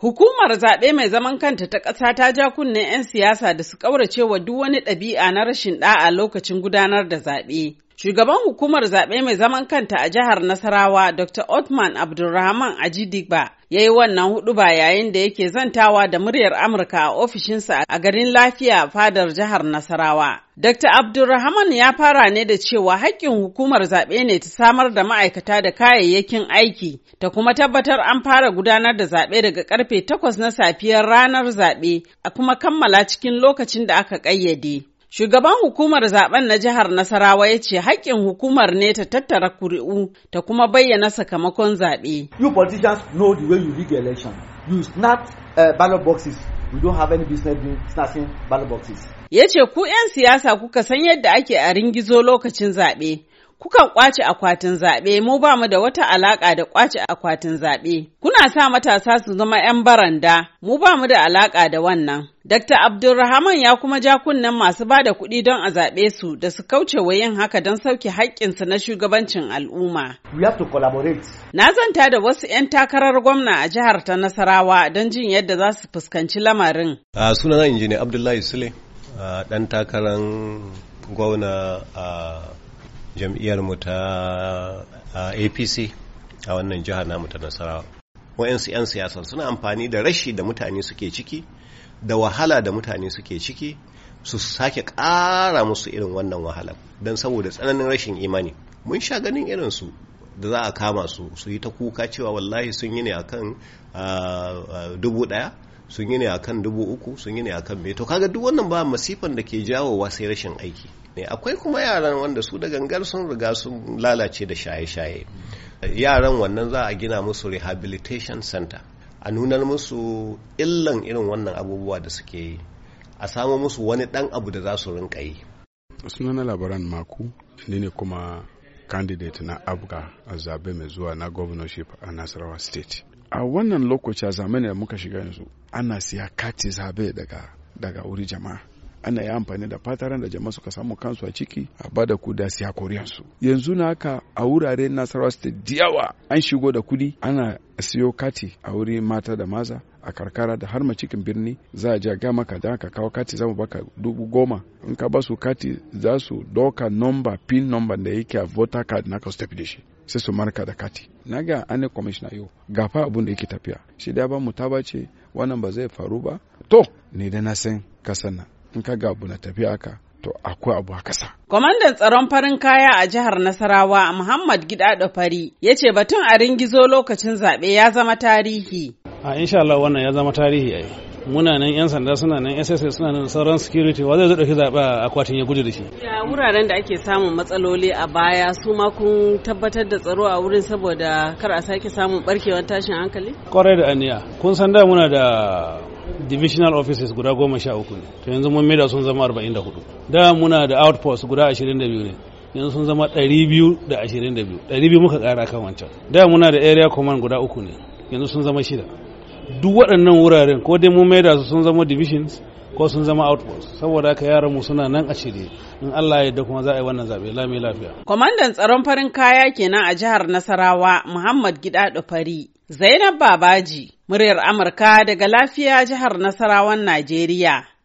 Hukumar zaɓe mai zaman kanta ta ƙasa ta ja kunnen 'yan siyasa da su ƙaurace wa duk wani ɗabi'a na rashin ɗa'a lokacin gudanar da zaɓe. Shugaban hukumar zaɓe mai zaman kanta a jihar Nasarawa Dr. Othman Abdulrahman Ajidigba ya yi wannan huduba yayin da yake zantawa da muryar Amurka a ofishinsa a garin lafiya fadar jihar Nasarawa. Dr. Abdulrahman ya fara ne da cewa haƙƙin hukumar zaɓe ne ta samar da ma'aikata da kayayyakin aiki ta kuma tabbatar an fara gudanar da zaɓe daga karfe takwas na safiyar ranar zaɓe a kuma kammala cikin lokacin da aka ƙayyade. Shugaban hukumar zaben na jihar Nasarawa ya ce haƙƙin hukumar ne ta tattara kuri'u ta kuma bayyana sakamakon zaɓe. You politicians know the way you rig election. You snap uh, ballot boxes. We don't have any business doing snatching ballot boxes. Ya ce ku 'yan siyasa kuka san yadda ake a ringizo lokacin zaɓe. kukan kwace akwatin zaɓe mu ba mu da wata alaƙa da kwace akwatin zaɓe. Kuna sa matasa su zama 'yan baranda, mu ba mu da alaƙa da wannan. Dr. Abdulrahman ya kuma ja kunnen masu ba da kuɗi don a zaɓe su da su kauce wa yin haka don sauke haƙƙinsu na shugabancin al'umma. We to collaborate. Na zanta da wasu 'yan takarar gwamna a jihar ta Nasarawa don jin yadda za su fuskanci lamarin. Uh, sunana injiniya Abdullahi Sule, ɗan takarar gwamna a mu ta apc a wannan jihar namu ta nasarawa wayansu 'yan siyasan suna amfani da rashi da mutane suke ciki da wahala da mutane suke ciki su sake ƙara musu irin wannan wahala don saboda tsananin rashin imani mun sha ganin irinsu da za a kama su su yi ta kuka cewa wallahi sun yi ne akan dubu ɗaya sun yi ne akan dubu uku sun yi ne akan me to kaga duk wannan ba masifan da ke jawo wa sai rashin aiki ne akwai kuma yaran wanda su da gangar sun riga sun lalace da shaye-shaye yaran wannan za a gina musu rehabilitation center a nunar musu illan irin wannan abubuwa da suke yi a samu musu wani dan abu da za su rinka yi sunana labaran maku ni ne kuma candidate na abga a zabe mai zuwa na governorship a nasarawa state a wannan lokaci a zamani da muka shiga yanzu ana siya kati zabe daga daga wuri jama'a ana yi amfani da fataran da jama'a suka samu kansu a ciki a ba bada kuda siya koriyansu yanzu na haka a wurare nasarawa state diyawa an shigo da kudi ana siyo kati a wuri mata da maza a karkara da har cikin birni za a je ga maka da ka kawo kati zamu baka dubu goma in ka basu kati za su doka nomba pin nomba da yake a voter card naka su tafi da shi sai su marka da kati na ga ane kwamishina yau gafa abun da yake tafiya shi da ba mu ta bace wannan ba zai faru ba to ne da na san kasan nan in ka ga abu na tafiya haka to akwai abu a kasa. Kwamandan tsaron farin kaya a jihar Nasarawa Muhammad Gida da Fari ya ce batun a ringizo lokacin zaɓe ya zama tarihi. A insha Allah wannan ya zama tarihi muna nan yan sanda suna nan SSS suna nan sauran security wa zai zo dauki zaba kwatin ya gudu da shi ya wuraren da ake samun matsaloli a baya su ma kun tabbatar da tsaro a wurin saboda kar a sake samun barkewar tashin hankali kwarai da aniya kun san da muna da divisional offices guda goma sha uku ne to yanzu mun maida sun zama arba'in da hudu da muna da outpost guda ashirin da biyu ne yanzu sun zama ɗari biyu da ashirin da biyu ɗari biyu muka ƙara kan wancan da muna da area command guda uku ne yanzu sun zama shida duk waɗannan wuraren ko dai mun maida su sun zama divisions ko sun zama Outposts, saboda haka yaran mu suna nan a shirye in Allah ya yarda kuma za a yi wannan zabe lami lafiya kwamandan tsaron farin kaya kenan a jihar Nasarawa Muhammad Gida Fari Zainab Babaji muryar Amurka daga lafiya jihar Nasarawan Najeriya